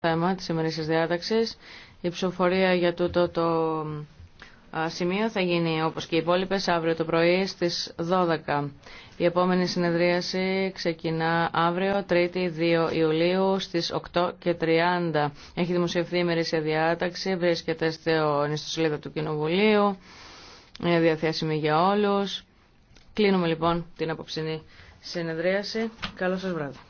θέμα της σημερινής διάταξης. Η ψηφοφορία για τούτο το σημείο θα γίνει όπως και οι υπόλοιπε αύριο το πρωί στις 12. Η επόμενη συνεδρίαση ξεκινά αύριο 3η 2 Ιουλίου στις 8.30. Έχει δημοσιευθεί η ημερήσια διάταξη, βρίσκεται στο ιστοσελίδα του Κοινοβουλίου, είναι διαθέσιμη για όλους. Κλείνουμε λοιπόν την απόψινή συνεδρίαση. Καλό σας βράδυ.